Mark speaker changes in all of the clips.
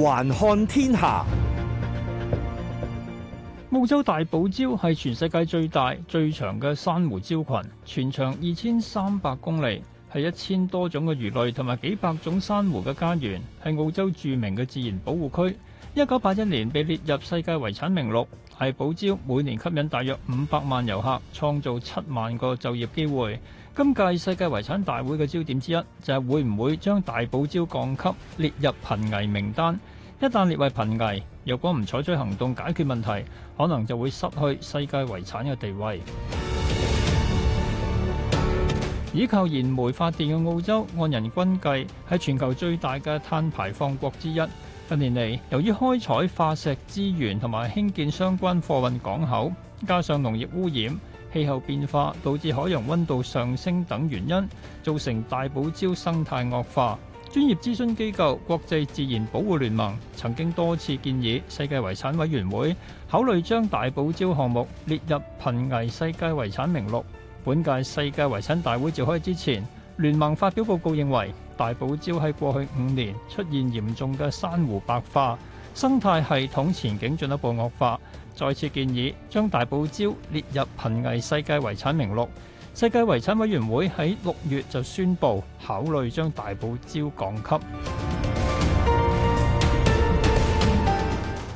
Speaker 1: 環看天下，澳洲大堡礁係全世界最大、最長嘅珊瑚礁群，全長二千三百公里。係一千多種嘅魚類同埋幾百種珊瑚嘅家園，係澳洲著名嘅自然保護區。一九八一年被列入世界遺產名錄，係堡礁每年吸引大約五百萬遊客，創造七萬個就業機會。今屆世界遺產大會嘅焦點之一就係、是、會唔會將大堡礁降級列入瀕危名單？一旦列為瀕危，若果唔採取行動解決問題，可能就會失去世界遺產嘅地位。依靠燃煤發電嘅澳洲，按人均計係全球最大嘅碳排放國之一。近年嚟，由於開採化石資源同埋興建相關貨運港口，加上農業污染、氣候變化導致海洋温度上升等原因，造成大堡礁生態惡化。專業諮詢機構國際自然保護聯盟曾經多次建議世界遺產委員會考慮將大堡礁項目列入瀕危世界遺產名錄。本屆世界遺產大會召開之前，聯盟發表報告認為大堡礁喺過去五年出現嚴重嘅珊瑚白化，生態系統前景進一步惡化，再次建議將大堡礁列入瀕危世界遺產名錄。世界遺產委員會喺六月就宣布考慮將大堡礁降級。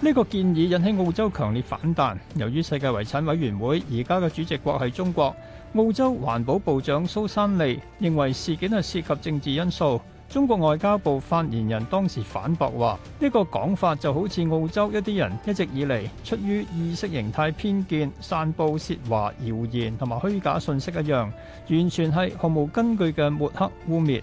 Speaker 1: 呢、這個建議引起澳洲強烈反彈。由於世界遺產委員會而家嘅主席國係中國，澳洲環保部長蘇珊利認為事件係涉及政治因素。中國外交部發言人當時反駁話：呢、這個講法就好似澳洲一啲人一直以嚟，出於意識形態偏見散佈涉華謠言同埋虛假信息一樣，完全係毫無根據嘅抹黑污衊。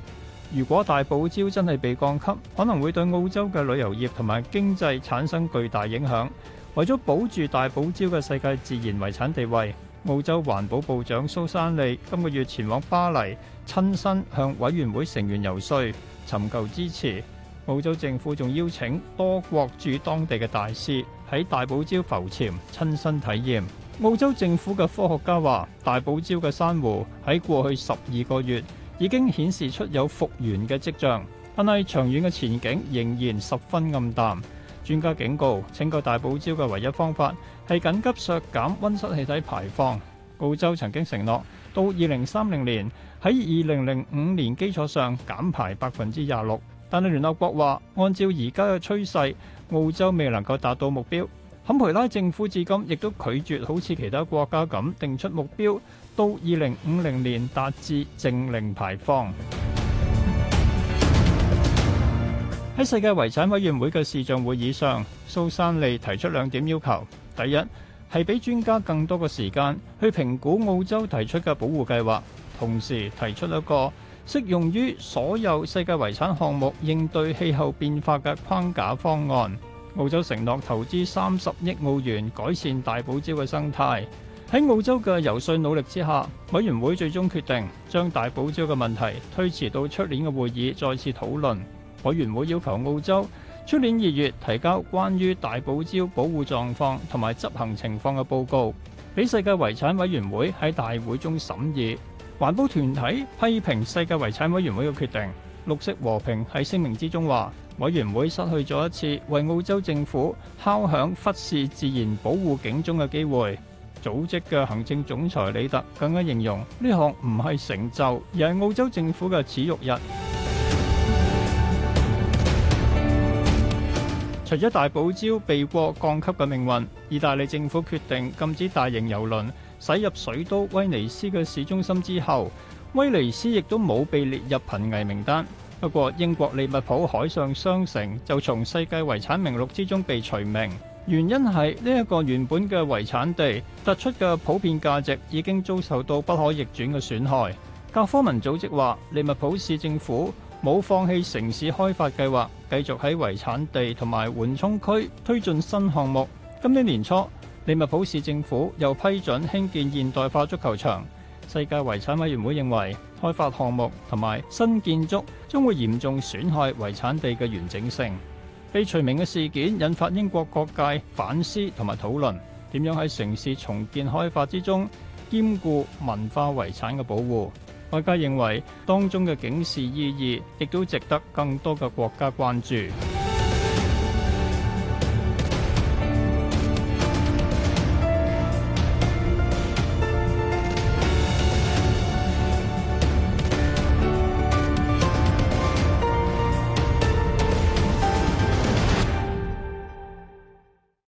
Speaker 1: 如果大堡礁真係被降級，可能會對澳洲嘅旅遊業同埋經濟產生巨大影響。為咗保住大堡礁嘅世界自然遺產地位，澳洲環保部長蘇珊利今個月前往巴黎，親身向委員會成員遊說，尋求支持。澳洲政府仲邀請多國駐當地嘅大使喺大堡礁浮潛，親身體驗。澳洲政府嘅科學家話：大堡礁嘅珊瑚喺過去十二個月已經顯示出有復原嘅跡象，但係長遠嘅前景仍然十分暗淡。專家警告，拯救大堡礁嘅唯一方法係緊急削減溫室氣體排放。澳洲曾經承諾到二零三零年喺二零零五年基礎上減排百分之廿六，但係聯合國話，按照而家嘅趨勢，澳洲未能夠達到目標。坎培拉政府至今亦都拒絕好似其他國家咁定出目標，到二零五零年達至淨零排放。喺世界遺產委員會嘅視像會議上，蘇珊妮提出兩點要求：第一係俾專家更多嘅時間去評估澳洲提出嘅保護計劃，同時提出一個適用於所有世界遺產項目應對氣候變化嘅框架方案。澳洲承諾投資三十億澳元改善大堡礁嘅生態。喺澳洲嘅遊說努力之下，委員會最終決定將大堡礁嘅問題推遲到出年嘅會議再次討論。委員會要求澳洲出年二月提交關於大堡礁保護狀況同埋執行情況嘅報告，俾世界遺產委員會喺大會中審議。環保團體批評世界遺產委員會嘅決定。綠色和平喺聲明之中話。委員會失去咗一次為澳洲政府敲響忽視自然保護警鐘嘅機會。組織嘅行政總裁李特更加形容呢項唔係成就，而係澳洲政府嘅恥辱日。 除咗大堡礁避過降級嘅命運，意大利政府決定禁止大型遊輪駛入水都威尼斯嘅市中心之後，威尼斯亦都冇被列入瀕危名單。不過，英國利物浦海上商城就從世界遺產名錄之中被除名，原因係呢一個原本嘅遺產地突出嘅普遍價值已經遭受到不可逆轉嘅損害。教科文組織話，利物浦市政府冇放棄城市開發計劃，繼續喺遺產地同埋緩衝區推進新項目。今年年初，利物浦市政府又批准興建現代化足球場。世界遺產委員會認為開發項目同埋新建築將會嚴重損害遺產地嘅完整性。被除名嘅事件引發英國各界反思同埋討論，點樣喺城市重建開發之中兼顧文化遺產嘅保護？外界認為當中嘅警示意義亦都值得更多嘅國家關注。